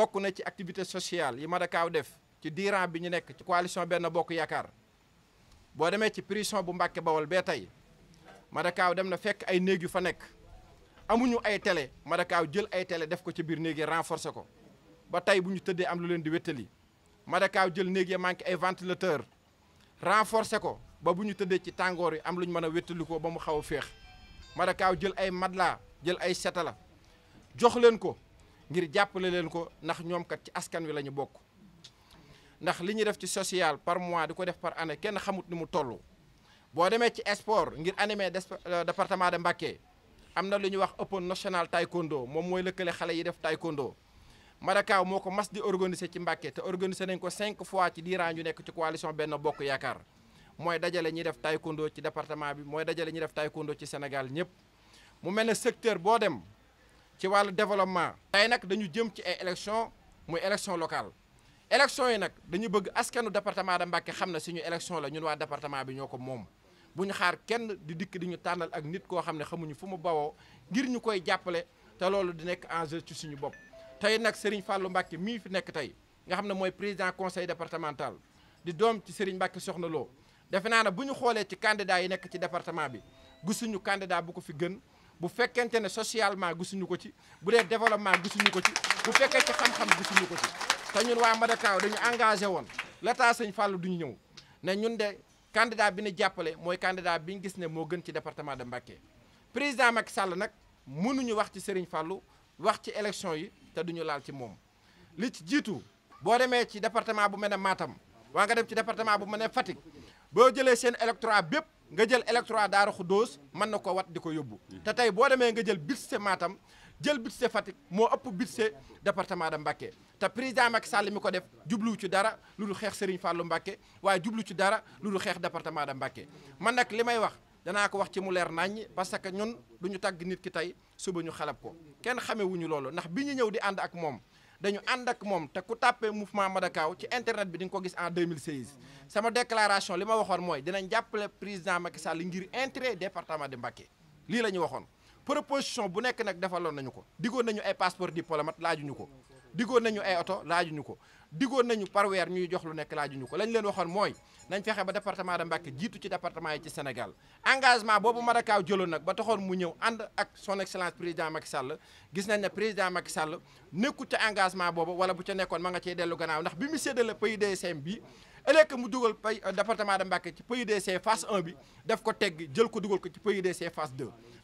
bokk na ci activité sociale yi Madakaw def ci diiran bi ñu nekk ci coalition benn bokk yaakaar boo demee ci prison bu Mbàkke Bawol bee tey Madakaw dem na fekk ay néeg yu fa nekk amuñu ay télé Madakaw jël ay télé def ko ci biir néeg yi renforcer ko ba tey bu ñu tëddee am lu leen di wéttali Madakaw jël néeg yi manqué ay ventilateur renforcer ko ba bu ñu tëddee ci tàngoor yi am lu ñu mën a wéttali ko ba mu xaw a féex Madakaw jël ay madla jël ay setala jox leen ko ngir jàppale leen ko ndax ñoom kat ci askan wi la ñu bokk ndax li ñuy def ci social par mois di ko def par année kenn xamut ni mu tollu boo demee ci sport ngir animé departement euh, de Mbacké am na lu ñu wax open national taekwondo moom mooy lëkkale xale yi def taekwondo Madakaw moo ko mas di organiser ci Mbacké te organiser nañ ko cinq fois ci diiran yu nekk ci coalition benn Bokk Yaakaar mooy dajale ñi def taekwondo ci département bi mooy dajale ñi def taekwondo ci Sénégal ñëpp mu mel ne secteur boo dem ci wàllu développement. tey nag dañu jëm ci ay élections muy élection locale élection yi nag dañu bëgg askanu département de Mbacké xam ne suñu élection la ñun waa département bi ñoo ko moom bu ñu xaar kenn di dikk di ñu tànnal ak nit koo xam ne xamuñu fu mu bawoo ngir ñu koy jàppale te loolu di nekk enjeu ci suñu bopp. tey nag Serigne fàllu Mbacké mii fi nekk tey nga xam ne mooy président conseil départemental di doom ci Serigne Mbacké Soxna loo defe naa ne bu ñu xoolee ci candidat yi nekk ci département bi gisuñu candidat bu ko fi gën. bu fekkente ne socialement gisuñu ko ci bu dee développement gisuñu ko ci bu fekkee ci xam-xam gisuñu ko ci te ñun waa Madakaw dañu engagé woon l'état sëñ Fallou duñu ñëw ne ñun de candidat bi ñu jàppale mooy candidat bi ñu gis ne moo gën ci département de Mbacké président Macky Sall nag mënuñu wax ci Serigne fàllu wax ci élection yi te duñu laal ci moom li ci jiitu boo demee ci département bu mel ne Matam waa nga dem ci département bu mel ne Fatick boo jëlee seen électorat bépp nga jël électorat Daaru Xuddoos mën na ko wat di ko yóbbu te tey boo demee nga jël budget Matam jël budget Fatick moo ëpp budget département de Mbacké te président Macky salli mi ko def jubluwu ci dara lu dul xeex Serigne fàllu Mbacké waaye jublu ci dara lu dul xeex département de Mbacké man nag li may wax danaa ko wax ci mu leer naññ parce que ñun du ñu tàgg nit ki tey suba ñu xalab ko kenn xamewuñu loolu ndax bi ñu ñëw di ànd ak moom dañu ànd ak moom te ku tàppee mouvement Madakaw ci internet bi di nga ko gis en 2016 sama déclaration li ma waxoon mooy dinañ jàppale président Macky Sall ngir intérêt département de Mbacké lii la ñu waxoon proposition bu nekk nag defaloon nañu ko diggoon nañu ay passeport diplomate laajuñu ko diggoon nañu ay oto laajuñu ko diggoon nañu par ñuy jox lu nekk laajuñu ko lañ leen waxoon mooy nañ fexe ba département de Mbacké jiitu ci département yi ci Sénégal engagement boobu ma Madakaw jëloon nag ba taxoon mu ñëw ànd ak son excellence président Macky Sall gis nañ ne président Macky Sall nekku ca engagement boobu wala bu ca nekkoon ma nga cey dellu gannaaw ndax bi mu séddale PUDSM bi ëllëg mu dugal pay euh, département de Mbacké ci PUDC phase 1 ko tegg jël ko dugal ko ci PUDC phase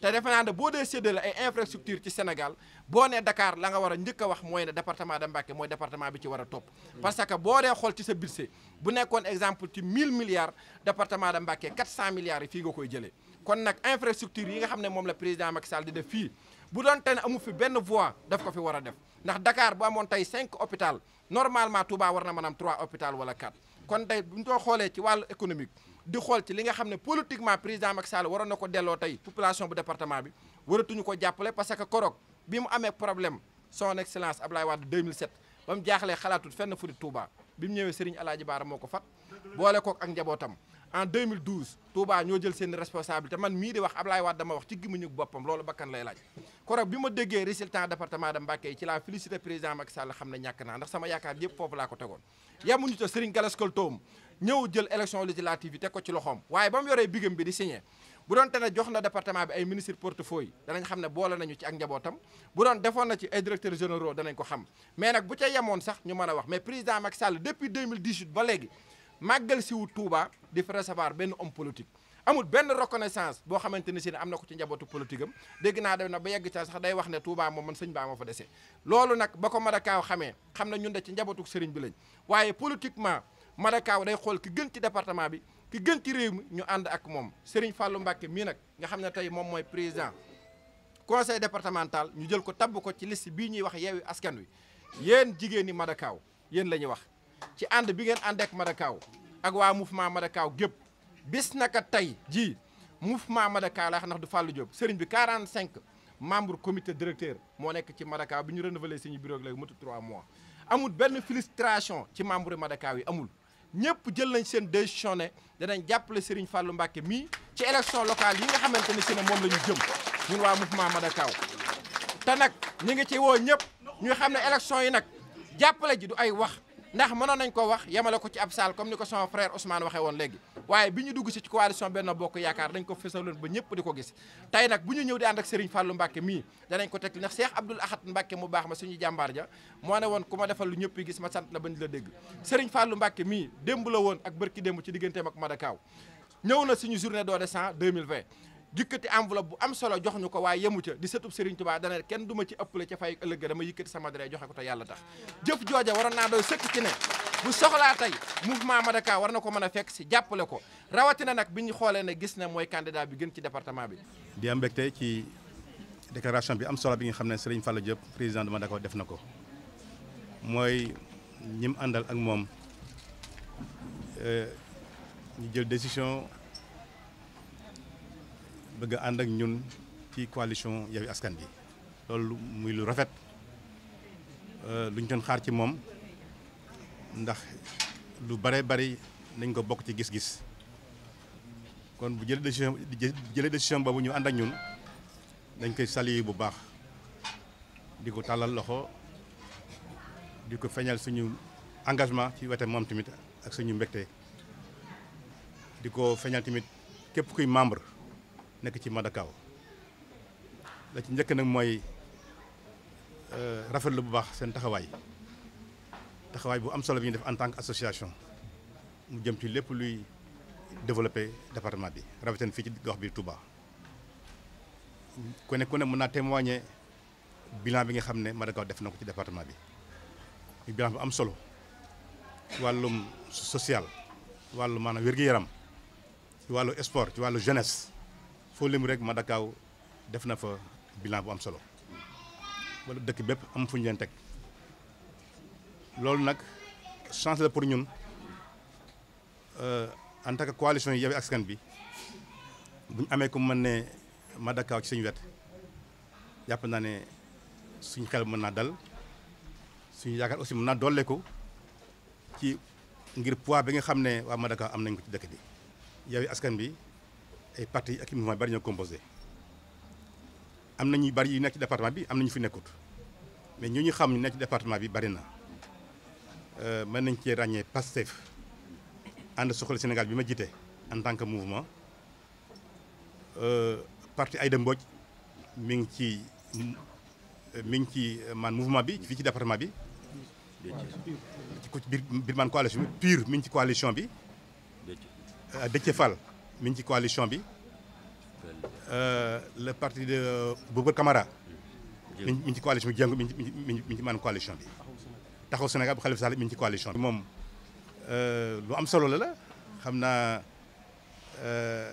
te defe ne boo dee séddale ay infrastructure ci Sénégal boo nee Dakar la nga war a njëkk a wax mooy ne département de Mbacké mooy département bi ci war a topp parce que boo dee xool ci sa budget bu nekkoon exemple ci 1000 milliards département de Mbacké 400 milliards yi fii nga koy jëlee kon nag infrastructure yi nga xam ne moom la président Macky Sall di def fii bu doon ne amu fi benn voie daf ko fi war a def ndax dakaar bu amoon tey 5 hôpital normalement Touba war na mën am 3 hôpital wala 4 kon tey bu ñu ko xoolee ci wàllu économique di xool ci li nga xam ne politiquement président Macky Sall waroon na ko delloo tey population bu département bi waratuñu ko jàppale parce que Korok bi mu amee problème son excellence Ablaye Wade 2007 ba mu jaaxlee xalaatul fenn fu di bi mu ñëwee Serigne El Hadj Baara moo ko fat boole ko ak njabootam. en 2012 Touba ñoo jël seen responsabilité man mii di wax Ablaye Wade dama wax ci gimmuñu boppam loolu bakkan lay laaj korog bi ma déggee résultat département de Mbacké yi ci laa félicité président Macky Sall xam ne ñàkk naa ndax sama yaakaar yëpp foofu laa ko tegoon yamuñu ta Serigne Gallas Koltoom ñëw jël élection législative yi teg ko ci loxoom waaye ba mu yoree bigam bi di signé bu doon te ne jox na département bi ay ministre portefeuille danañ xam a wax mais président Macky Sall depuis 2018 ba léegi màggal siwu Touba di fa recevoir benn om politique amut benn reconnaissance boo xamante ne si am na ko ci njabootu politique am dégg naa dem na ba yegg ca sax day wax ne Touba moom man sëñ baa ma fa dese loolu nag ba ko Madakaaw xamee xam na ñun de ci njabootu sëriñ bi lañ waaye politiquement Madakaaw day xool ki gën ci département bi ki gën ci réew mi ñu ànd ak moom Serigne fàllu Mbacke mii nag nga xam ne tey moom mooy président conseil départemental ñu jël ko tabb ko ci liste bii ñuy wax Yewwi Askan Wi yéen jigéen ñi Madakaaw yéen la ñuy wax ci ànd bi ngeen ànd ak Madakaw ak waa mouvement Madakaw gépp bis naka tey ji mouvement Madakaw laa xam ndax du fàllu Diop sëriñ bi 45 membre comité directeur moo nekk ci Madakaw bi ñu renouvelé suñu bureau léegi matu 3 mois amul benn frustration ci membre Madakaw yi amul ñëpp jël nañ seen décision ne danañ jàppale Serigne fàllu Mbacké mii ci élection locale yi nga xamante ne si ne moom la ñu jëm ñun waa mouvement Madakaw te nag ñu ngi ci woo ñëpp ñu xam ne élection yi nag jàppale ji du ay wax ndax mënoon nañ ko wax yemale ko ci ab saal comme ni ko son frère Ousmane waxee woon léegi waaye bi ñu dugg si ci coalition Benno Bokk Yaakaar dañ ko fësaloon ba ñëpp di ko gis tey nag bu ñu ñëw di ànd ak Serigne Fallou Mbacke mii danañ ko teg li ndax Cheikh Abdoul Ahad mu baax ma suñu jàmbaar ja moo ne woon ku defal lu ñëpp gis ma sant la bañ la dégg Serigne Fallou Mbacke mii démb la woon ak bërki démb ci digganteem ak Madakaw ñëw na suñu journée don de 100 2020 yëkkati enveloppe bu am solo jox ñu ko waaye yemu ca di sëtub Serigne Touba dana kenn du ma ci ëppale ca fay ëllëg dama yëkkati sama dara joxe ko te yàlla tax jëf jooja waroon naa doy sëkk ci ne bu soxlaa tey mouvement Madaka war na ko mën a fekk si jàppale ko rawatina nag bi ñu xoolee ne gis na mooy candidat bi gën ci département bi. di am mbégte ci déclaration bi am solo bi nga xam ne Serigne Fallou Diop président de Madaka def na ko mooy ñi mu àndal ak moom euh, ñu jël bëgg ànd ak ñun ci coalition Yewwi Askan bi loolu muy lu rafet euh, luñ doon xaar ci moom ndax lu bare bari nañ ko bokk ci gis-gis kon bu jëlee décision jëlee décision boobu ñu ànd ak ñun dañ koy saluer bu baax di ko tàllal loxo di ko feeñal suñu engagement ci wete moom ak suñu mbégte di ko feeñal tamit képp kuy membre. nekk ci Madakaw la ci njëkk nag mooy euh, rafetlu bu baax seen taxawaay taxawaay bu am solo bi ñu def en tant que association mu jëm ci lépp luy développer département bi rawatina fii ci gox bi tubaa ku ne ku ne mën naa témoigner bi nga xam ne Madakaw def na ko ci département bi ñu bilan bu am solo wàllum social wàllu maanaam wér-gu-yaram ci wàllu sport ci wàllu jeunesse foo lim rek Madakaw def na fa bilan bu am solo wala dëkk bépp am fu ñu leen teg loolu nag chance la pour ñun euh, en tant que coalition yi Yewwi Askan bi bu ñu amee ku mën ne Madakaw ci suñu wet jàpp naa ne suñu xel mën naa dal suñu yaakaar aussi mën naa dolleeku ci ngir poids bi nga xam ne waa Madakaw am nañ ko ci dëkk bi Yewwi Askan bi ay parti yi ak i mouvement bari ñoo composé am na ñuy bari yu nekk ci bi am na ñu fi nekkut mais ñu ñu xam ñu nekk ci département bi bari na euh, mën nañ cee ràññee PASTEF ànd soxla Sénégal bi ma jiite en tant que mouvement euh, parti Aïda Mbodj mi ngi ci mi ngi ci man mouvement bi fii ci département bi. ci biir biir man coalition bi PUR mi ngi ci coalition bi. Déthié euh, Fall. mi ci coalition bi euh, le parti de Boubacar Camara mi ngi ci coalition bi jëngu mi ngi ci maanaam coalition bi taxaw Sénégal bu Khalifa Sall mi ngi ci coalition bi moom euh, lu am solo la la xam naa euh,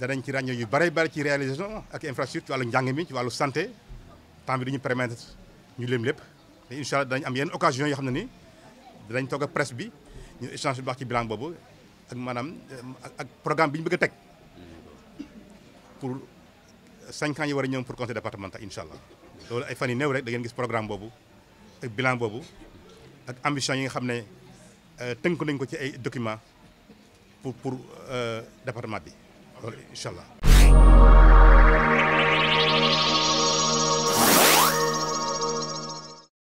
danañ ci ràññee yu bare bare ci réalisation ak infrastructure ci wàllu njàng mi ci wàllu santé temps bi du ñu permettre ñu lim lépp te incha danañ am yenn occasion yoo xam ne ni danañ toog a bi ñu échange bu baax ci bilan boobu ak maanaam ak programme bi ñu bëgg a teg pour cinq ans yi war a ñëw pour conseil départemental incha allah loolu ay fan yu néew rek da ngeen gis programme boobu ak bilan boobu ak ambition yi nga xam ne euh, tënk nañ ko ci ay documents pour pour euh, département bi loolu incha allah.